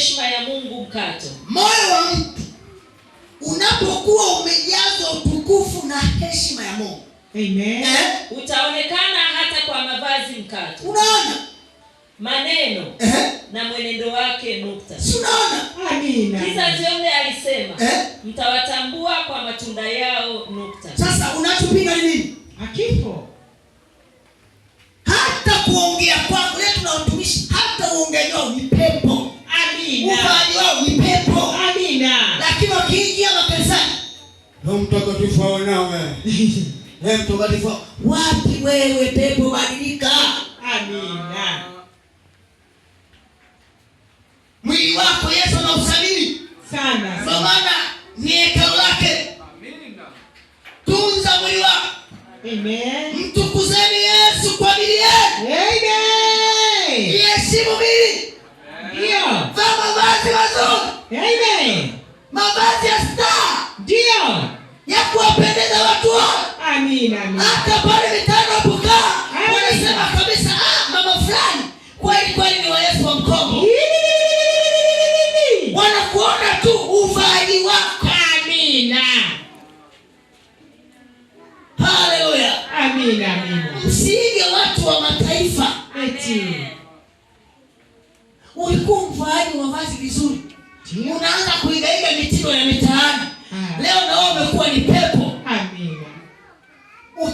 heshima ya Mungu mkato. Moyo wa mtu unapokuwa umejazwa utukufu na heshima ya Mungu, amen, eh? Utaonekana hata kwa mavazi mkato, unaona maneno eh? na mwenendo wake nukta, unaona. Amina. Kizazi yule alisema eh? mtawatambua kwa matunda yao nukta. Sasa unachopiga nini? Akifo hata kuongea kwa Lakini wakiingia makanisani, Roho Mtakatifu aonawe. Wewe mtakatifu wapi wewe pepo badilika. Amina. Mwili wako Yesu anauthamini sana. Kwa maana ni hekalu lake. Amina. Tunza mwili wako. Amen. Mtukuzeni Yesu kwa ajili yake. Amen. Yesu mwili. Ndio. Vaa mavazi mazuri. Amen. hata pale mitano wapokaa wanasema kabisa, ah, mama fulani kweli kweli ni wa Yesu wa Mkongo. Wanakuona tu uvaaji wako. Amina, haleluya, amina, amina. Usiige watu wa mataifa eti ulikuwa mvaaji wa vazi vizuri, unaanza kuigaiga mitindo ya mitaani. Ah. Leo na wewe umekuwa ni pepo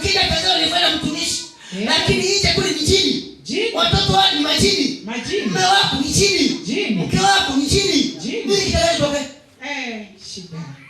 kila kazi alifanya mtumishi, eh. lakini nje kule mjini Watoto wao ni majini, mume wako ni jini, mke wako ni jini. Nini kitaletwa? Eh, shida